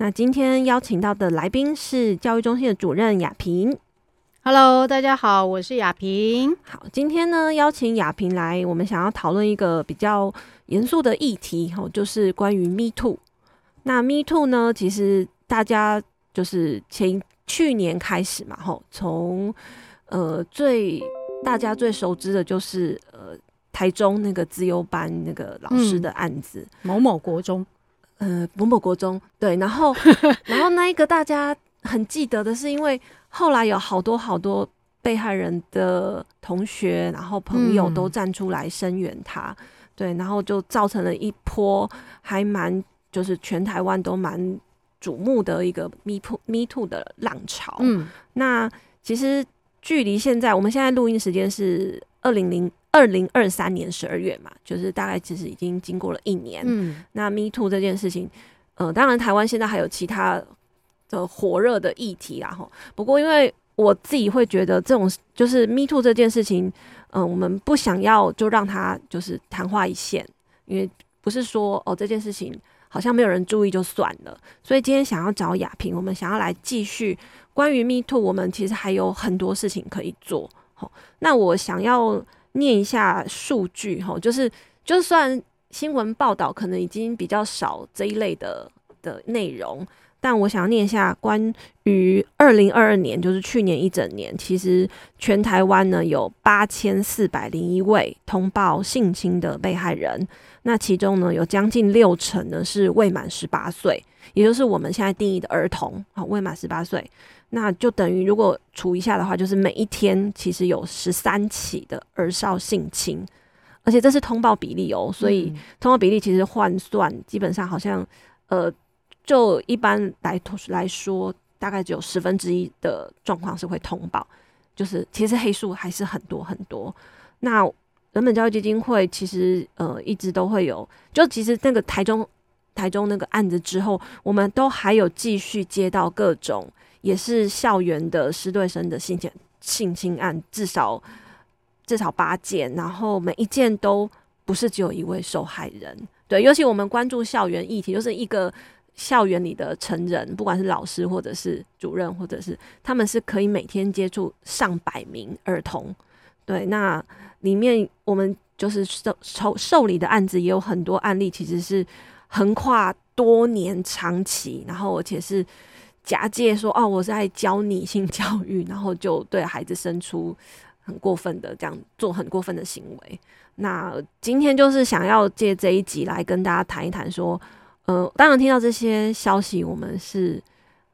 那今天邀請到的來賓是教育中心的主任亞平。Hello，大家好，我是亞平。好，今天呢，邀請亞平來，我們想要討論一個比較嚴肅的議題，齁，就是關於 Me Too。那 Me Too 呢，其實大家就是前去年開始嘛，齁，從呃最大家最熟知的就是呃台中那個資優班那個老師的案子，嗯、某某國中。呃，某某國中，對，然後，然後那一個大家很記得的是，因為後來有好多好多被害人的同學，然後朋友都站出來聲援他，嗯，對，然後就造成了一波還蠻，就是全台灣都蠻矚目的一個 me too me too 的浪潮。嗯，那其實距離現在，我們現在錄音時間是二零零。二零二三年十二月嘛，就是大概其實已經經過了一年。嗯，那 Me Too 這件事情，嗯、呃，當然台灣現在還有其他的、呃、火熱的議題啊。哈，不過因為我自己會覺得，這種就是 Me Too 這件事情，嗯、呃，我們不想要就讓它就是曇花一現，因為不是說哦這件事情好像沒有人注意就算了。所以今天想要找亞萍，我們想要來繼續關於 Me Too，我們其實還有很多事情可以做。好，那我想要。念一下數據哈，就是就算新聞報道可能已經比較少這一類的的內容，但我想要念一下關於二零二二年，就是去年一整年，其實全台灣呢有八千四百零一位通報性侵的被害人，那其中呢有將近六成呢是未滿十八歲，也就是我們現在定義的兒童啊，未滿十八歲。那就等於，如果除一下的話，就是每一天其實有十三起的兒少性侵，而且這是通報比例哦，所以通報比例其實換算，基本上好像，呃，就一般來來說，大概只有十分之一的狀況是會通報，就是其實黑數還是很多很多。那人本教育基金會其實呃一直都會有，就其實那個台中台中那個案子之後，我們都還有繼續接到各種。也是校園的師對生的性侵性侵案，至少至少八件，然後每一件都不是只有一位受害人。對，尤其我們關注校園議題，就是一個校園裡的成人，不管是老師或者是主任，或者是他們是可以每天接觸上百名兒童。對，那裡面我們就是受受受理的案子也有很多案例，其實是橫跨多年、長期，然後而且是。假借說哦，我是在教你性教育，然後就對孩子生出很過分的這樣做很過分的行為。那今天就是想要借這一集來跟大家談一談，說呃，當然聽到這些消息，我們是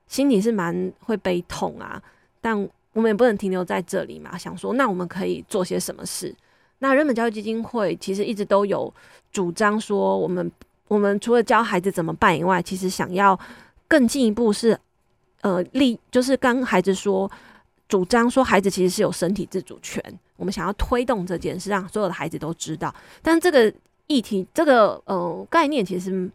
心裡是蠻會悲痛啊，但我們也不能停留在這裡嘛。想說那我們可以做些什麼事？那人本教育基金會其實一直都有主張說，我們我們除了教孩子怎麼辦以外，其實想要更進一步是。呃，例，就是跟孩子說，主張說孩子其實是有身體自主權，我們想要推動這件事，讓所有的孩子都知道。但這個議題，這個呃概念其實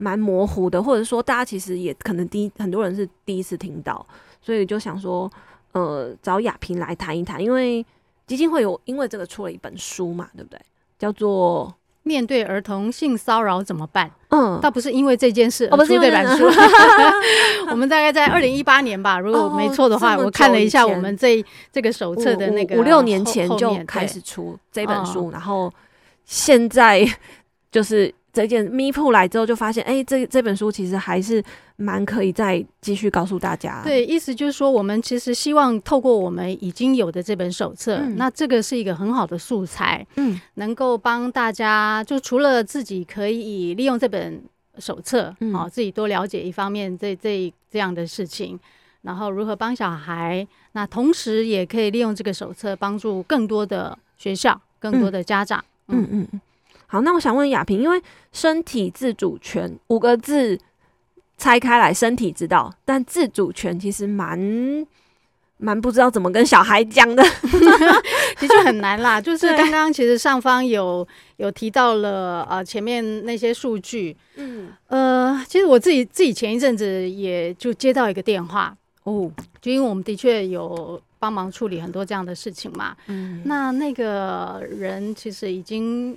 蠻模糊的，或者說大家其實也可能第一，很多人是第一次聽到，所以就想說，呃，找亞萍來談一談，因為基金會有因為這個出了一本書嘛，對不對？叫做。面對兒童性騷擾怎麼辦？嗯，倒不是因為這件事而、哦，不是因為這本書，我們大概在二零一八年吧，如果、哦、沒錯的話，我看了一下我們這這個手冊的那個五、五、五六年前就、就開始出這本書，然後現在就是。這件 MeToo 來之後，就發現哎、欸，這這本書其實還是蠻可以再繼續告訴大家、啊。對，意思就是說，我們其實希望透過我們已經有的這本手冊、嗯，那這個是一個很好的素材，嗯，能夠幫大家，就除了自己可以利用這本手冊，好、嗯哦，自己多了解一方面這這這樣的事情，然後如何幫小孩，那同時也可以利用這個手冊幫助更多的學校、更多的家長。嗯嗯。嗯好，那我想問亞萍，因為身體自主權五個字拆開來，身體知道，但自主權其實蠻蠻不知道怎麼跟小孩講的，哈哈，其實很難啦。就是剛剛其實上方有有提到了，呃，前面那些數據，嗯，呃，其實我自己自己前一陣子也就接到一個電話，哦，就因為我們的確有幫忙處理很多這樣的事情嘛，嗯，那那個人其實已經。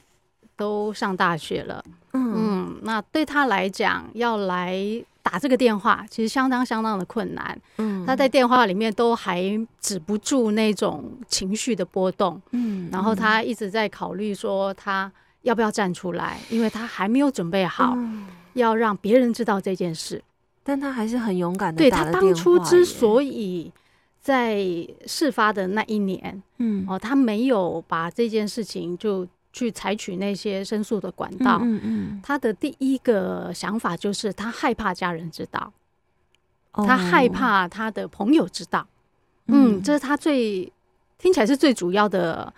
都上大學了，嗯，嗯，那對他來講，要來打這個電話，其實相當相當的困難。嗯，他在電話裡面都還止不住那種情緒的波動。嗯，然後他一直在考慮說，他要不要站出來，嗯，因為他還沒有準備好要讓別人知道這件事。但他還是很勇敢的。對，他當初之所以在事發的那一年，嗯，哦，他沒有把這件事情就。去採取那些申訴的管道，嗯嗯，他的第一個想法就是他害怕家人知道，哦、他害怕他的朋友知道，嗯，嗯這是他最聽起來是最主要的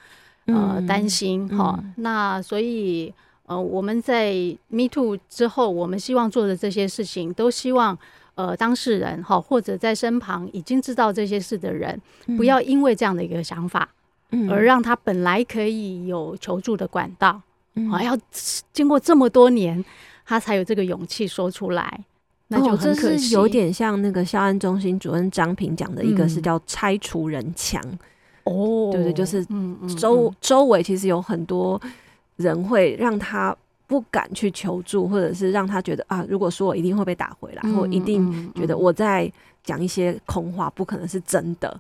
呃、嗯、擔心哈、嗯。那所以呃我們在 Me Too 之後，我們希望做的這些事情，都希望呃當事人哈或者在身旁已經知道這些事的人，不要因為這樣的一個想法。嗯而讓他本來可以有求助的管道，還、嗯啊，要經過這麼多年，他才有這個勇氣說出來，那就很可惜。哦、有點像那個校安中心主任張平講的一個是叫拆除人牆，哦、嗯，對，對對，就是周周圍其實有很多人會讓他不敢去求助，嗯、或者是讓他覺得啊，如果說我一定會被打回來，或、嗯、一定覺得我在講一些空話，不可能是真的。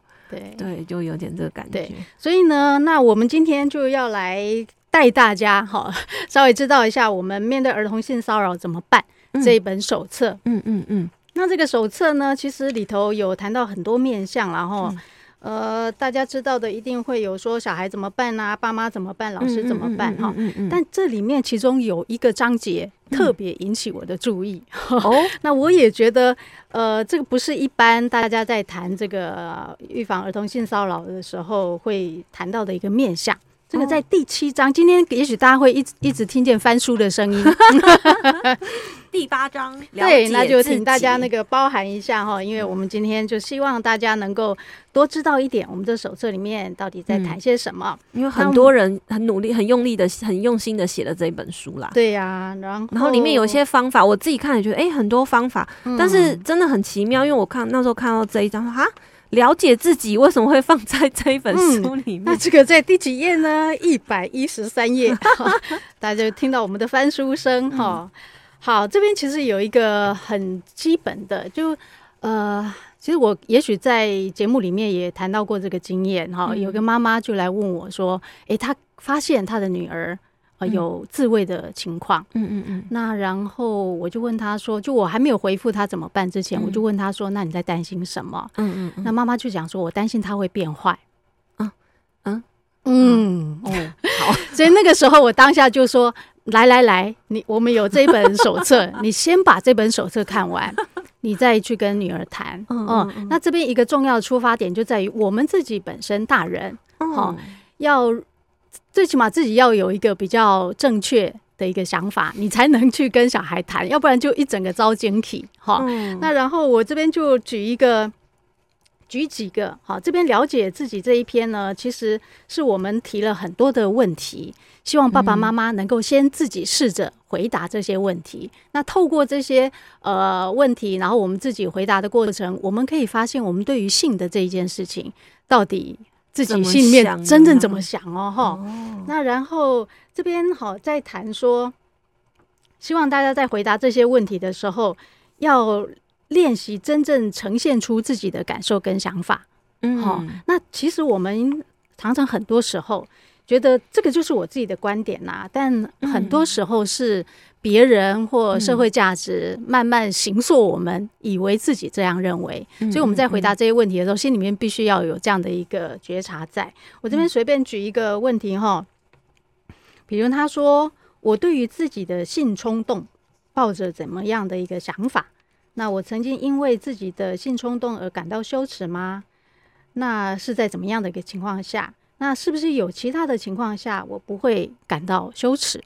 對，對就有點這個感覺。對，所以呢，那我們今天就要來帶大家哈，稍微知道一下我們面對兒童性騷擾怎麼辦，嗯，這一本手冊。嗯嗯嗯。那這個手冊呢，其實裡頭有談到很多面向，然後。嗯呃，大家知道的一定會有說小孩怎麼辦啊，爸媽怎麼辦，老師怎麼辦哈、嗯嗯嗯嗯嗯嗯？但這裡面其中有一個章節特別引起我的注意。哦、嗯， 那我也覺得，呃，這個不是一般大家在談這個預防兒童性騷擾的時候會談到的一個面向。那、這個在第七章，今天也許大家會一直一直聽見翻書的聲音。 第八章，對，那就請大家那個包涵一下哈，因為我們今天就希望大家能夠多知道一點，我們這手冊裡面到底在談些什麼，嗯。因為很多人很努力、很用力的、很用心的寫了這一本書啦。對呀、啊，然後然後裡面有些方法，我自己看也覺得誒、欸，很多方法、嗯，但是真的很奇妙。因為我看那時候看到這一章說哈。了解自己為什麼會放在這一本書裡面？嗯、那這個在第幾頁呢？一百一十三頁。 大家就聽到我們的翻書聲哈、嗯。好，這邊其實有一個很基本的，就呃，其實我也許在節目裡面也談到過這個經驗哈。有個媽媽就來問我說：“誒、欸，她發現她的女兒。”有自慰的情況，嗯嗯嗯，那然後我就問他說，就我還沒有回復他怎麼辦之前，嗯，我就問他說，那你在擔心什麼？嗯嗯，嗯，那媽媽就講說，我擔心他會變壞。嗯嗯嗯，嗯，嗯，哦，好， 所以那個時候我當下就說， 來來來，你我們有這一本手冊， 你先把這本手冊看完， 你再去跟女兒談，嗯嗯。嗯，那這邊一個重要的出發點就在於我們自己本身大人，嗯，哦，嗯、要。最起碼自己要有一個比較正確的一個想法，你才能去跟小孩談，要不然就一整個糟糕掉哈。那然後我這邊就舉一個，舉幾個。好，這邊了解自己這一篇呢，其實是我們提了很多的問題，希望爸爸媽媽能夠先自己試着回答這些問題。嗯、那透過這些呃問題，然後我們自己回答的過程，我們可以發現我們對於性的這一件事情到底。自己心裡面、啊、真正怎麼想哦哈，哦，那然後這邊好在談說，希望大家在回答這些問題的時候，要練習真正呈現出自己的感受跟想法。嗯，好，那其實我們常常很多時候覺得這個就是我自己的觀點吶、啊，但很多時候是。別人或社會價值慢慢形塑我們、嗯，以為自己這樣認為、嗯。所以我們在回答這些問題的時候，嗯嗯、心裡面必須要有這樣的一個覺察在。在我這邊隨便舉一個問題哈、嗯，比如他說：“我對於自己的性衝動抱着怎麼樣的一個想法？那我曾經因為自己的性衝動而感到羞恥嗎？那是在怎麼樣的一個情況下？那是不是有其他的情況下，我不會感到羞恥？”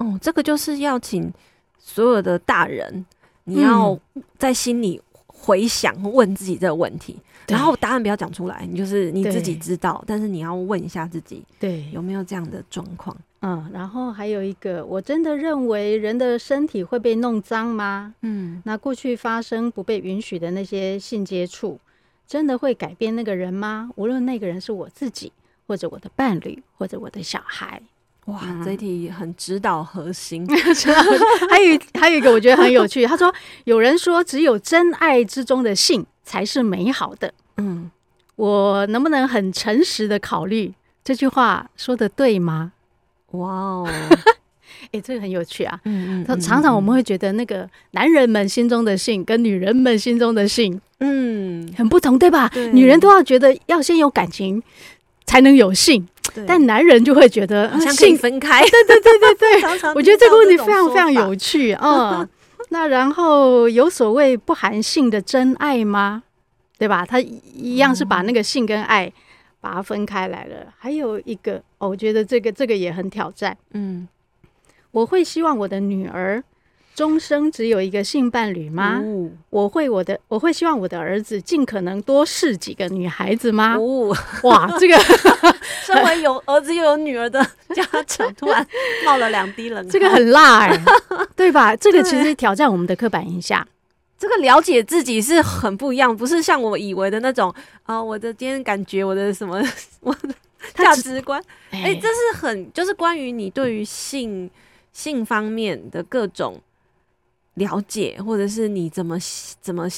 哦，這個就是要請所有的大人，你要在心裡回想，問自己這個問題，嗯，然後答案不要講出來，你就是你自己知道，但是你要問一下自己，對，有沒有這樣的狀況？嗯，然後還有一個，我真的認為人的身體會被弄髒嗎？嗯，那過去發生不被允許的那些性接觸，真的會改變那個人嗎？無論那個人是我自己，或者我的伴侶，或者我的小孩。哇，嗯、這一題很直搗核心。 啊、還有還有一個，我覺得很有趣。 他說：“有人說，只有真愛之中的性才是美好的。”嗯，我能不能很誠實的考慮這句話說的對嗎？哇、wow、哦，哎、 欸，這個很有趣啊。嗯，說常常我們會覺得那個男人們心中的性跟女人們心中的性，嗯，很不同，對吧對？女人都要覺得要先有感情才能有性。但男人就會覺得性分開、嗯，對對對對對，對 我覺得這個問題非常非常有趣啊。嗯、 那然後有所謂不含性的真愛嗎？對吧？他一樣是把那個性跟愛把它分開來了。嗯、還有一個、哦，我覺得這個這個也很挑戰。嗯，我會希望我的女兒終生只有一個性伴侶嗎？嗯、我會我的我會希望我的兒子盡可能多試幾個女孩子嗎？哦、哇，這個 身為有兒子又有女兒的家長， 突然冒了兩滴冷汗，這個很辣哎、欸， 對吧？這個其實挑戰我們的刻板印象。這個了解自己是很不一樣，不是像我以為的那種啊、呃。我的今天感覺，我的什麼，我的價值觀哎、欸欸，這是很就是關於你對於性、嗯、性方面的各種，了解，或者是你怎麼怎麼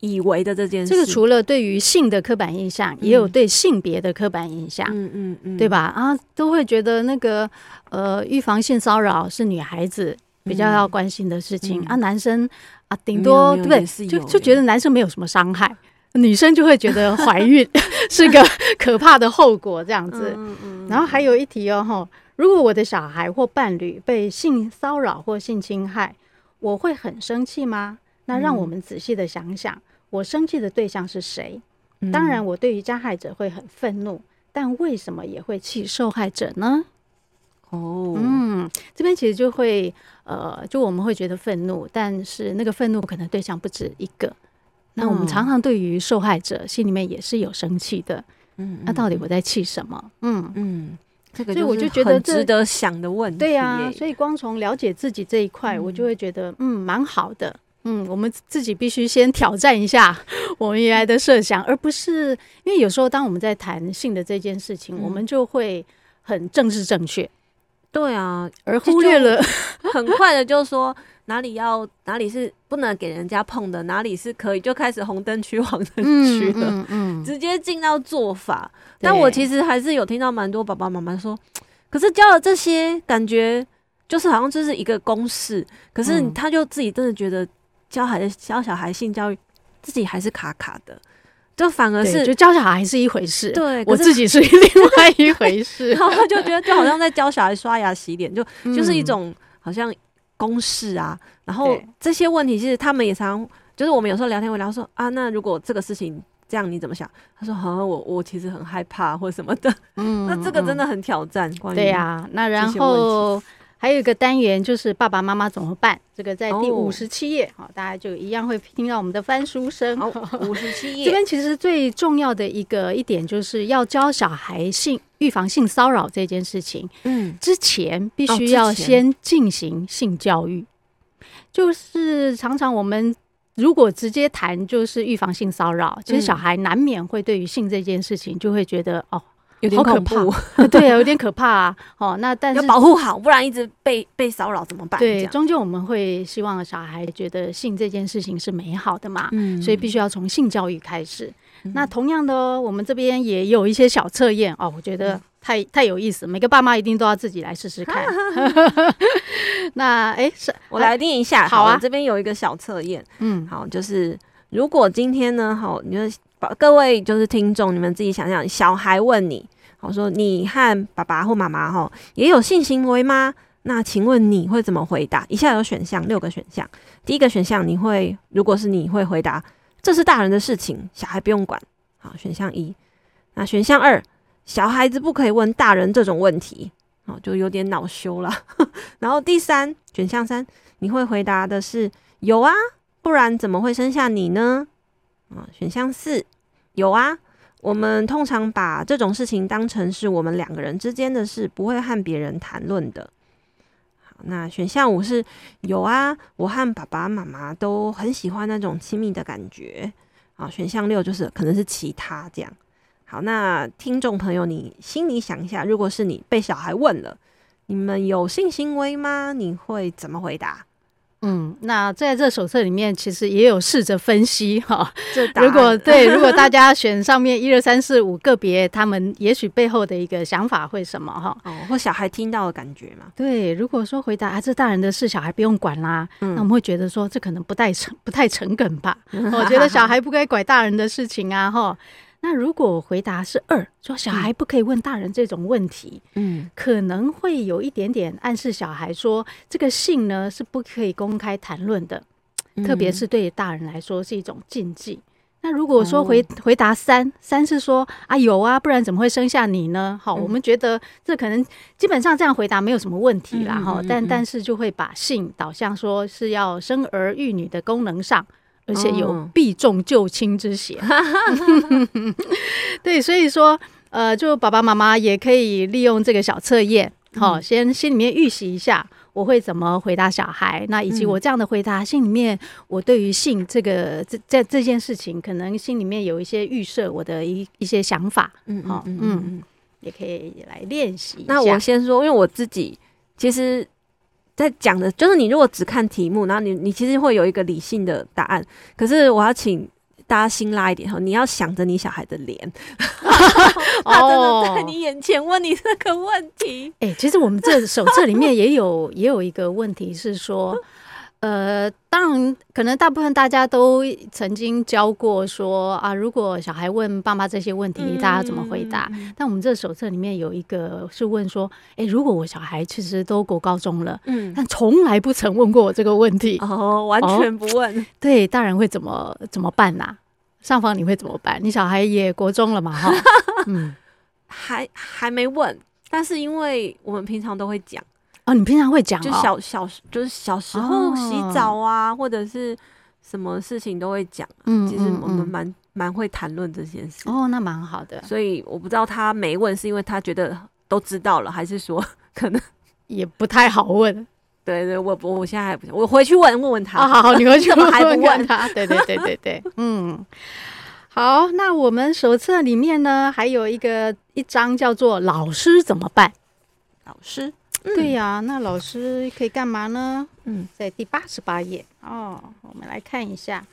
以為的這件事。這個除了對於性的刻板印象，嗯、也有對性別的刻板印象，嗯嗯嗯，對吧？啊，都會覺得那個呃，預防性騷擾是女孩子比較要關心的事情，嗯、啊，男生，嗯、啊，頂多對，就就覺得男生沒有什麼傷害，嗯，女生就會覺得懷孕 是個可怕的後果，這樣子，嗯嗯。然後還有一題哦，吼，如果我的小孩或伴侶被性騷擾或性侵害。我會很生氣嗎？那讓我們仔細地想想，嗯、我生氣的對象是誰、嗯？當然，我對於加害者會很憤怒，但為什麼也會氣受害者呢？哦，嗯，這邊其實就會，呃，就我們會覺得憤怒，但是那個憤怒可能對象不止一個。那我們常常對於受害者、嗯、心裡面也是有生氣的，嗯，那、嗯啊、到底我在氣什麼？嗯嗯。這個欸、所以我就覺得值得想的問題，對呀、啊。所以光從了解自己這一塊、嗯，我就會覺得嗯蠻好的。嗯，我們自己必須先挑戰一下我們原來的設想，而不是因為有時候當我們在談性的這件事情，嗯、我們就會很政治正確，對啊，而忽略了就就很快的就是說。 哪裡要哪裡是不能給人家碰的，哪裡是可以，就開始紅燈區黃燈區的，直接進到做法。但我其實還是有聽到蠻多爸爸媽媽說，可是教了這些，感覺就是好像就是一個公式，可是他就自己真的覺得教孩子教小孩性教育，自己還是卡卡的，就反而是就教小孩是一回事，對，我自己是另外一回事， 然後就覺得就好像在教小孩刷牙洗臉， 就就是一種、嗯、好像。公式啊，然後這些問題其實他們也常，就是我們有時候聊天會聊說啊，那如果這個事情這樣你怎麼想？他說好、啊，我我其實很害怕或者什麼的，嗯， 那這個真的很挑戰。嗯、關於對呀、啊，那然後。還有一個單元就是爸爸媽媽怎麼辦？這個在第五十七頁，好、oh.，大家就一樣會聽到我們的翻書聲。五十七頁。這邊其實最重要的一個一點，就是要教小孩性預防性騷擾這件事情。嗯，之前必須要先進行性教育、哦，就是常常我們如果直接談就是預防性騷擾，其實小孩難免會對於性這件事情就會覺得哦。有點可怕、 啊，對啊，有點可怕啊！哦，那但是要保護好，不然一直被被騷擾怎麼辦？對，終究我們會希望小孩覺得性這件事情是美好的嘛，嗯、所以必須要從性教育開始。嗯、那同樣的、哦，我們這邊也有一些小測驗哦，我覺得太、嗯、太、太有意思，每個爸媽一定都要自己來試試看。 那哎，是、欸、我來念一下、啊，好啊，好這邊有一個小測驗，嗯，好，就是如果今天呢，好，你說。各位就是聽眾，你們自己想想，小孩問你，好，說，你和爸爸或媽媽齁也有性行為嗎？那請問你會怎麼回答？以下有選項六個選項。第一個選項，你會，如果是你會回答，這是大人的事情，小孩不用管。好，選項一。那選項二，小孩子不可以問大人這種問題，好，就有點惱羞了。 然後第三選項三，你會回答的是有啊，不然怎麼會生下你呢？啊、嗯，選項四有啊，我們通常把這種事情當成是我們兩個人之間的事，不會和別人談論的。好，那選項五是有啊，我和爸爸媽媽都很喜歡那種親密的感覺。啊，選項六就是可能是其他這樣。好，那聽眾朋友，你心裡想一下，如果是你被小孩問了，你們有性行為嗎？你會怎麼回答？嗯，那在這手冊裡面，其實也有試着分析哈。哦、如果對， 如果大家選上面一二三四五個別，他們也許背後的一個想法會什麼哈、哦？哦，或小孩聽到的感覺嘛。對，如果說回答啊，這大人的事，小孩不用管啦。嗯、那我們會覺得說，這可能不太誠不太誠懇吧、 哦？我覺得小孩不該管大人的事情啊，哈、哦。那如果我回答是二，說小孩不可以問大人這種問題，嗯，可能會有一點點暗示小孩說，這個性呢是不可以公開談論的，特別是對大人來說是一種禁忌。嗯、那如果說回、哦、回答三，三是說啊有啊，不然怎麼會生下你呢？嗯，好，我們覺得這可能基本上這樣回答沒有什麼問題啦，哈、嗯嗯嗯嗯，但但是就會把性導向說是要生兒育女的功能上。而且有避重就輕之嫌、嗯， 對，所以說，呃，就爸爸媽媽也可以利用這個小測驗，好，先心裡面預習一下，我會怎麼回答小孩，嗯、那以及我這樣的回答，心裡面我對於性這個這這這件事情，可能心裡面有一些預設，我的一一些想法，嗯嗯嗯，也可以來練習。那我先說，因為我自己其實。在講的就是，你如果只看題目，然後你你其實會有一個理性的答案。可是我要請大家心拉一點哈，你要想着你小孩的臉， 他真的在你眼前問你這個問題。哎、 欸，其實我們這手冊裡面也有 也有一個問題是說。呃，當然，可能大部分大家都曾經教過說啊，如果小孩問爸媽這些問題、嗯，大家怎麼回答？嗯、但我們這手冊裡面有一個是問說，哎、欸，如果我小孩其實都國高中了，嗯，但從來不曾問過我這個問題，哦，完全不問，哦、對，大人會怎麼怎麼辦呢、啊？上方你會怎麼辦？你小孩也國中了嘛？哈， 嗯，還還沒問，但是因為我們平常都會講。哦、你平常會講、哦，就小小就是小時候洗澡啊、哦，或者是什麼事情都會講。嗯，其實我們蠻、嗯、蠻會談論這件事。哦，那蠻好的。所以我不知道他沒問，是因為他覺得都知道了，還是說可能也不太好問？對對，我我我現在還不想，我回去問問問他、哦。好好，你回去問，問 怎麼還不問他？ 對，對對對對對，嗯。好，那我們手冊裡面呢，還有一個一張叫做“老師怎麼辦”，老師。嗯、對呀、啊，那老師可以幹嘛呢？嗯，在第八十八頁哦，我們來看一下。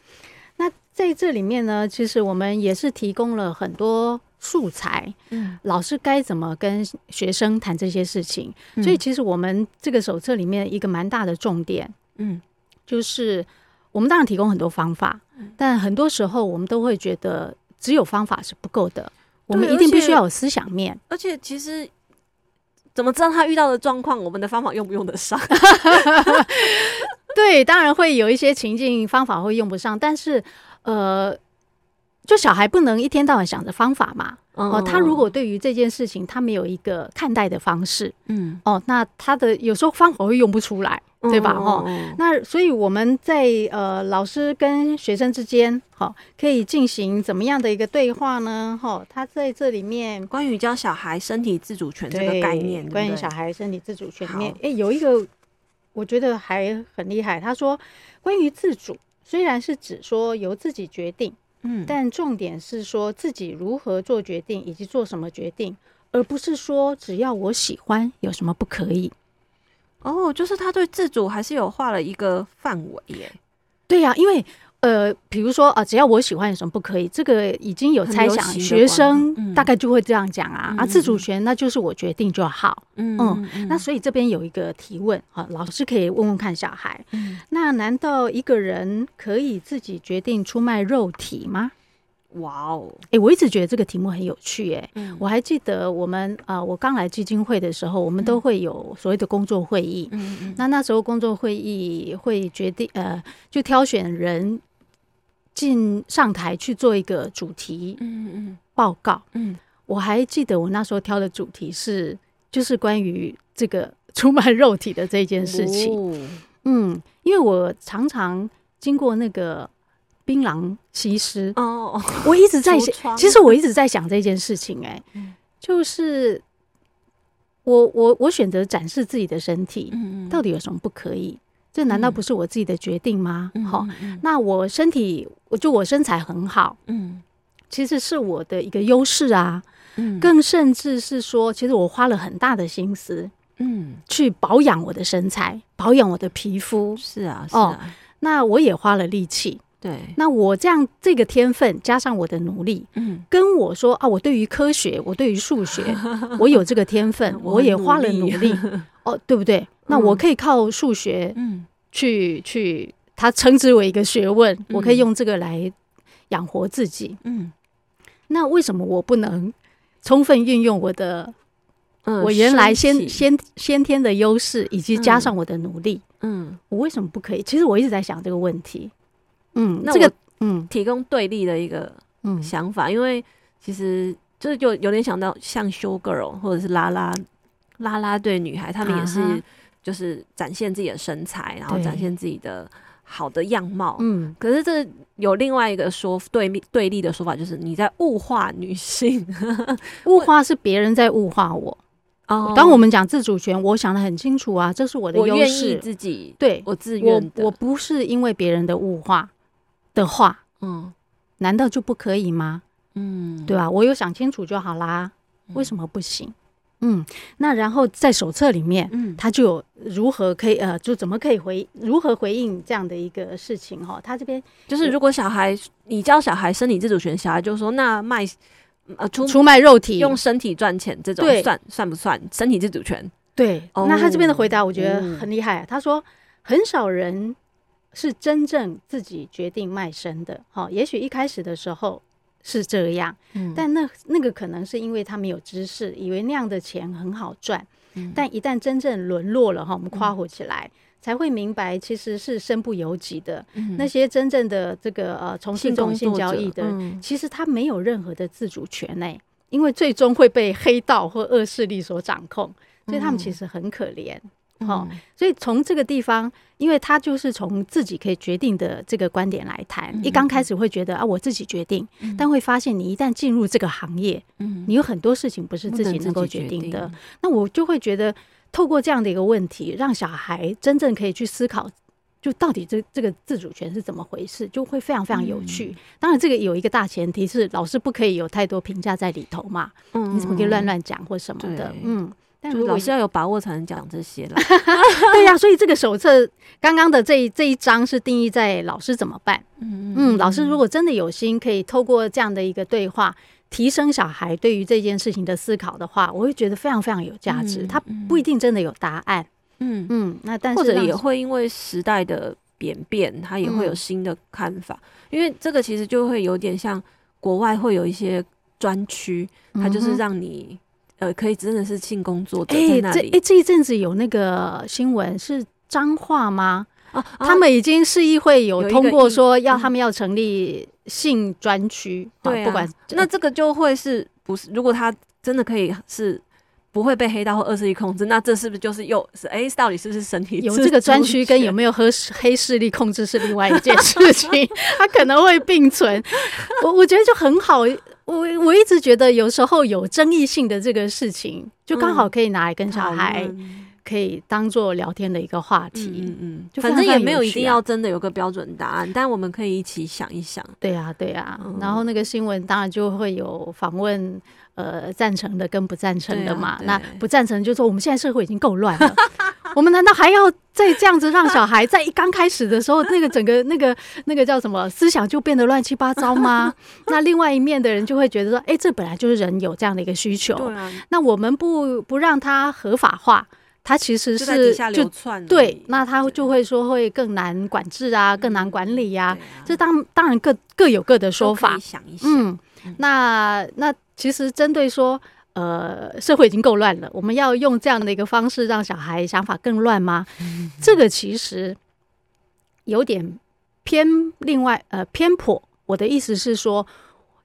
那在這裡面呢，其實我們也是提供了很多素材。嗯，老師該怎麼跟學生談這些事情？嗯、所以，其實我們這個手冊裡面一個蠻大的重點，嗯，就是我們當然提供很多方法，嗯、但很多時候我們都會覺得只有方法是不夠的。我們一定必須要有思想面。而且，其實。怎麼知道他遇到的狀況，我們的方法用不用得上？ 對，當然會有一些情境方法會用不上，但是，呃。就小孩不能一天到晚想着方法嘛，哦，哦，他如果對於這件事情他沒有一個看待的方式，嗯，哦，那他的有時候方法會用不出來，哦、對吧？哦，那所以我們在呃老師跟學生之間，哈、哦，可以進行怎麼樣的一個對話呢？哈、哦，他在這裡面關於教小孩身體自主權這個概念，對，關於小孩身體自主權裡面，誒、欸，有一個我覺得還很厲害，他說，關於自主雖然是指說由自己決定。嗯，但重點是說自己如何做決定以及做什麼決定，而不是說只要我喜歡，有什麼不可以。哦，就是他對自主還是有畫了一個範圍耶。對呀，因為。呃，比如說啊，只要我喜歡，有什麼不可以？這個已經有猜想，學生大概就會這樣講啊、嗯。啊，自主權那就是我決定就好。嗯嗯，那所以這邊有一個提問啊，老師可以問問看小孩、嗯。那難道一個人可以自己決定出賣肉體嗎？哇、wow、哦，哎、欸，我一直覺得這個題目很有趣、欸。哎、嗯，我還記得我們啊、呃，我剛來基金會的時候，我們都會有所謂的工作會議。嗯嗯，那那時候工作會議會決定呃，就挑選人。進上台去做一個主題報告。嗯，嗯，我還記得我那時候挑的主題是，嗯、就是關於這個出賣肉體的這件事情、哦。嗯，因為我常常經過那個檳榔西施。哦哦，我一直在想， 其實我一直在想這件事情、欸。哎、嗯，就是我我我選擇展示自己的身體、嗯，到底有什麼不可以？這難道不是我自己的決定嗎？好，嗯嗯哦，那我身體，我就我身材很好，嗯，其實是我的一個優勢啊，嗯，更甚至是說，其實我花了很大的心思，嗯，去保養我的身材，保養我的皮膚，是啊，是啊。哦，那我也花了力氣。對，那我這樣這個天分加上我的努力，嗯，跟我說啊，我對於科學，我對於數學， 我有這個天分 我很努，我也花了努力， 哦，對不對？那我可以靠數學，嗯，去去，他稱之為一個學問，嗯，我可以用這個來養活自己，嗯。那為什麼我不能充分運用我的，嗯，我原來先先先天的優勢，以及加上我的努力，嗯，嗯，我為什麼不可以？其實我一直在想這個問題。嗯，那這個嗯，提供對立的一個嗯想法，嗯，因為其實就是就有點想到像 showgirl 或者是拉拉拉拉隊女孩，她們也是就是展現自己的身材，啊、然後展現自己的好的樣貌。嗯，可是這有另外一個說對對立的說法，就是你在物化女性，物化是別人在物化我。我 oh, 當我們講自主權，我想得很清楚啊，這是我的，我願意自己對我自願，的。我不是因為別人的物化。的話，嗯，難道就不可以嗎？嗯，對吧、啊？我有想清楚就好啦、嗯。為什麼不行？嗯，那然後在手冊裡面，嗯，他就有如何可以呃，就怎麼可以回如何回應這樣的一個事情哈？他這邊就是，如果小孩你教小孩身體自主權，小孩就說那賣呃出出賣肉體用身體賺錢這種算，算算不算身體自主權？對，oh, 那他這邊的回答我覺得很厲害、啊嗯嗯。他說，很少人。是真正自己決定賣身的，好，也許一開始的時候是這樣，嗯、但那那個可能是因為他沒有知識，以為那樣的錢很好賺、嗯，但一旦真正淪落了，哈，我們誇火起來、嗯，才會明白其實是身不由己的。嗯、那些真正的這個呃，從事性交易的、嗯，其實他沒有任何的自主權誒、欸，因為最終會被黑道或惡勢力所掌控，所以他們其實很可憐。嗯哦、所以從這個地方，因為他就是從自己可以決定的這個觀點來談、嗯，一剛開始會覺得啊，我自己決定，嗯、但會發現你一旦進入這個行業、嗯，你有很多事情不是自己能夠決定的，不能自己決定，那我就會覺得透過這樣的一個問題，讓小孩真正可以去思考，就到底這這個自主權是怎麼回事，就會非常非常有趣。嗯、當然，這個有一個大前提是，老師不可以有太多評價在裡頭嘛、嗯，你怎麼可以亂亂講或什麼的，嗯。但是老師要有把握才能講這些了， 對呀、啊。所以這個手冊剛剛的這一這一章是定義在老師怎麼辦。嗯，嗯，老師如果真的有心，可以透過這樣的一個對話，提升小孩對於這件事情的思考的話，我會覺得非常非常有價值。他、嗯、不一定真的有答案。嗯嗯，那但是或者也會因為時代的演變，他也會有新的看法、嗯。因為這個其實就會有點像國外會有一些專區、嗯，它就是讓你。呃，可以真的是性工作的對、欸欸，這這一陣子有那個新聞是彰化嗎、啊？他們已經市議會有通過說要他們要成立性專區、嗯啊，對、啊，不管，那這個就會是不是如果他真的可以是不會被黑道或惡勢力控制，那這是不是就是又是哎，欸，到底是不是身體自主權，有這個專區跟有沒有和黑黑勢力控制是另外一件事情，它 可能會並存。我我覺得就很好。我我一直覺得，有時候有爭議性的這個事情，就剛好可以拿來跟小孩、嗯。可以當做聊天的一個話題，嗯嗯，反正也沒有一定要真的有個標準答案，但我們可以一起想一想。對呀，對呀、啊啊嗯。然後那個新聞當然就會有訪問，呃，贊成的跟不贊成的嘛。啊、那不贊成就說，我們現在社會已經夠亂了， 我們難道還要再這樣子讓小孩在一剛開始的時候 那個整個那個那個叫什麼思想就變得亂七八糟嗎？ 那另外一面的人就會覺得說，哎、欸，這本來就是人有這樣的一個需求，啊、那我們不不讓他合法化。他其實是就，就對，那他就會說會更難管制啊，嗯、更難管理呀、啊。這、啊、當當然各各有各的說法。想一想嗯，嗯，嗯，那那其實針對說，呃，社會已經夠亂了，我們要用這樣的一個方式讓小孩想法更亂嗎？ 這個其實有點偏，另外呃偏頗。我的意思是說，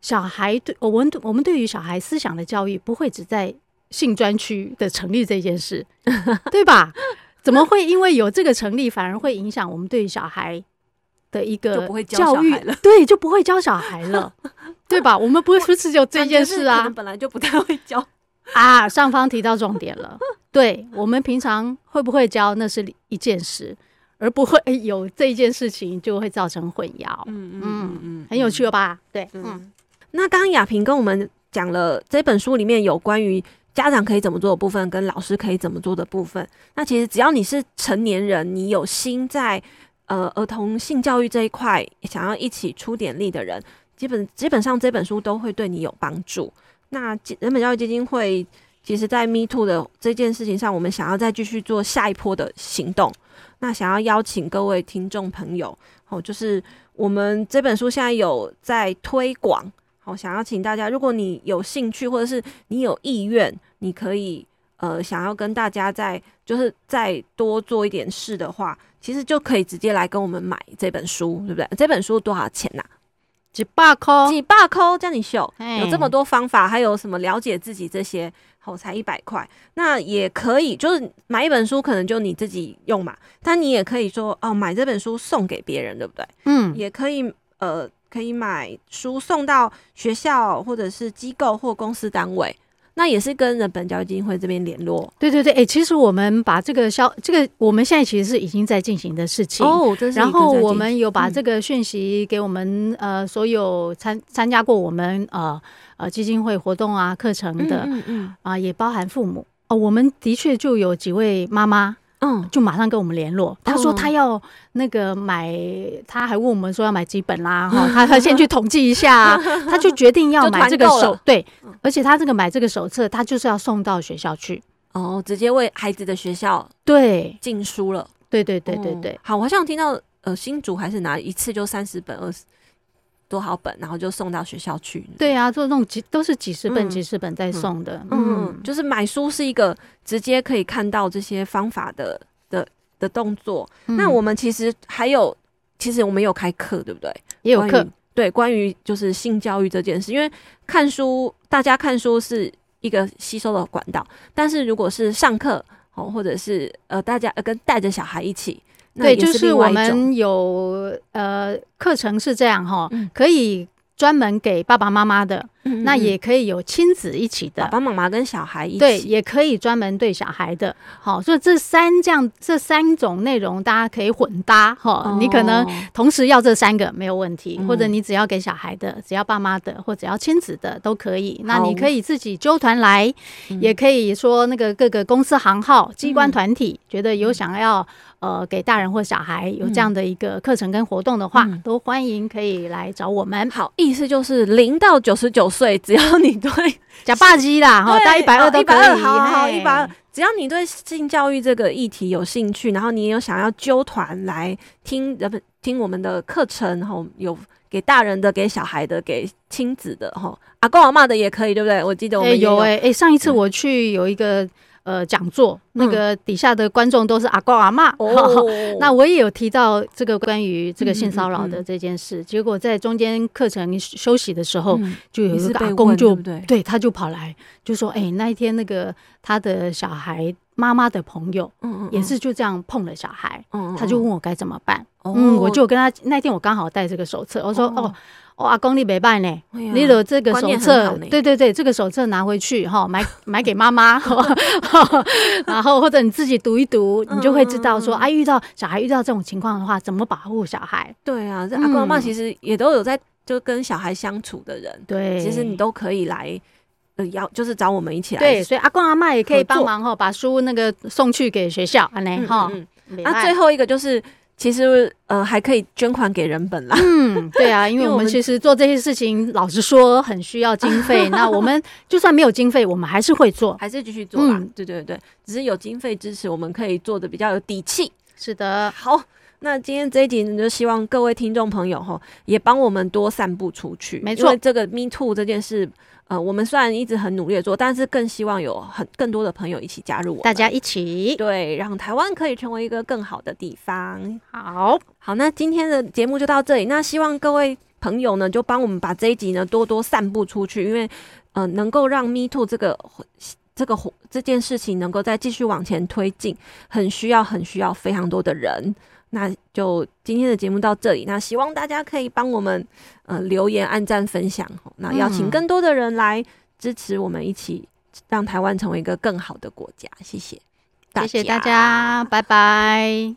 小孩對我我們我們對於小孩思想的教育不會只在。性專區的成立這件事， 對吧？怎麼會因為有這個成立，反而會影響我們對小孩的一個教育了？ 對，就不會教小孩了， 對吧？我們不會說只有這件事啊，我本來就不太會教啊。上方提到重點了， 對我們平常會不會教那是一件事，而不會有這一件事情就會造成混淆。嗯嗯嗯，很有趣了吧？嗯、對，嗯。那剛剛雅萍跟我們講了這本書裡面有關於。家長可以怎麼做的部分，跟老師可以怎麼做的部分，那其實只要你是成年人，你有心在呃兒童性教育這一塊想要一起出點力的人，基本基本上這本書都會對你有幫助。那人本教育基金會，其實在 Me Too 的這件事情上，我們想要再繼續做下一波的行動，那想要邀請各位聽眾朋友，哦，就是我們這本書現在有在推廣。好、哦，想要請大家，如果你有興趣或者是你有意願，你可以呃想要跟大家再就是再多做一點事的話，其實就可以直接來跟我們買這本書，對不對？呃、這本書多少錢吶、啊？幾百塊幾百塊，教你秀，有這麼多方法，還有什麼了解自己這些，好、哦，才一百塊，那也可以，就是買一本書可能就你自己用嘛，但你也可以說哦，買這本書送給別人，對不對？嗯，也可以呃。可以買書送到學校，或者是機構或公司單位，那也是跟人本教育基金會這邊聯絡。對對對，誒、欸，其實我們把這個消，這個我們現在其實是已經在進行的事情哦。然後我們有把這個訊息給我們、嗯、呃所有參參加過我們呃呃基金會活動啊課程的，嗯嗯啊、嗯呃，也包含父母哦、呃，我們的確就有幾位媽媽。嗯，就馬上跟我們聯絡、嗯。他說他要那個買，他還問我們說要買幾本啦。哈、嗯，他、哦、他先去統計一下、啊， 他就決定要買這個手對，而且他這個買這個手冊，他就是要送到學校去哦，直接為孩子的學校對進書了對。對對對對對、嗯，好，我好像聽到呃，新竹還是拿一次就三十本二十，做好本，然後就送到學校去。對啊，做那種幾都是幾十本、嗯、幾十本在送的嗯嗯。嗯，就是買書是一個直接可以看到這些方法的的的動作、嗯。那我們其實還有，其實我們有開課，對不對？也有課，對，關於就是性教育這件事，因為看書大家看書是一個吸收的管道，但是如果是上課哦，或者是呃，大家、呃、跟帶着小孩一起。對，就是我們有呃課程是這樣哈，可以專門給爸爸媽媽的。嗯嗯，那也可以有親子一起的，爸爸媽媽跟小孩一起，對，也可以專門對小孩的。好、哦，所以這三這樣這三種內容大家可以混搭哈、哦哦。你可能同時要這三個沒有問題、嗯，或者你只要給小孩的，只要爸媽的，或者要親子的都可以。那你可以自己揪團來、嗯，也可以說那個各個公司行號、嗯、機關團體，覺得有想要、嗯、呃給大人或小孩有這樣的一個課程跟活動的話，嗯、都歡迎可以來找我們。好，意思就是零到九十九。所以只要你對假霸基啦，哈， 帶一百二的，好一百二，只要你對性教育這個議題有興趣，然後你也有想要揪團來聽，不聽我們的課程，吼，有給大人的，給小孩的，給親子的，吼，阿公阿媽的也可以，對不對？我記得我們、欸、有哎、欸、哎、欸，上一次我去有一個、嗯。呃，講座、嗯、那個底下的觀眾都是阿公阿媽、哦，那我也有提到這個關於這個性騷擾的這件事。嗯嗯嗯、結果在中間課程休息的時候，嗯、就有一個打工就對，對，對他就跑來就說：“哎、欸，那一天那個他的小孩媽媽的朋友，嗯也是就這樣碰了小孩，嗯嗯嗯他就問我該怎麼辦嗯嗯嗯？嗯，我就跟他那天我剛好帶這個手冊，我說哦，哦。哦”哦，阿公你沒辦呢，你有這個手冊，欸，對對對，這個手冊拿回去哈，買買給媽媽， 然後或者你自己讀一讀，嗯、你就會知道說啊，遇到小孩遇到這種情況的話，怎麼保護小孩？對啊，這阿公阿嬤、嗯、其實也都有在就跟小孩相處的人，對，其實你都可以來，要、呃、就是找我們一起來，對，所以阿公阿嬤也可以幫忙哈，把書那個送去給學校，嗯嗯、啊，那最後一個就是。其實，呃，還可以捐款給人本啦。 嗯，對啊，因為我們其實做這些事情，老實說很需要經費。 那我們就算沒有經費，我們還是會做，還是繼續做吧、嗯。對對對，只是有經費支持，我們可以做得比較有底氣。是的，好，那今天這一集就希望各位聽眾朋友哈，也幫我們多散布出去。沒錯，這個 Me Too 這件事。呃，我們雖然一直很努力的做，但是更希望有很更多的朋友一起加入，我們，大家一起，對，讓台灣可以成為一個更好的地方。好，好，那今天的節目就到這裡。那希望各位朋友呢，就幫我們把這一集呢多多散布出去，因為、呃、能夠讓 Me Too 這個這個、這個、這件事情能夠再繼續往前推進，很需要，很需要非常多的人。那就今天的節目到這裡，那希望大家可以幫我們，呃，留言、按讚、分享，那邀請更多的人來支持我們，一起讓台灣成為一個更好的國家。謝謝大謝謝大家，拜拜。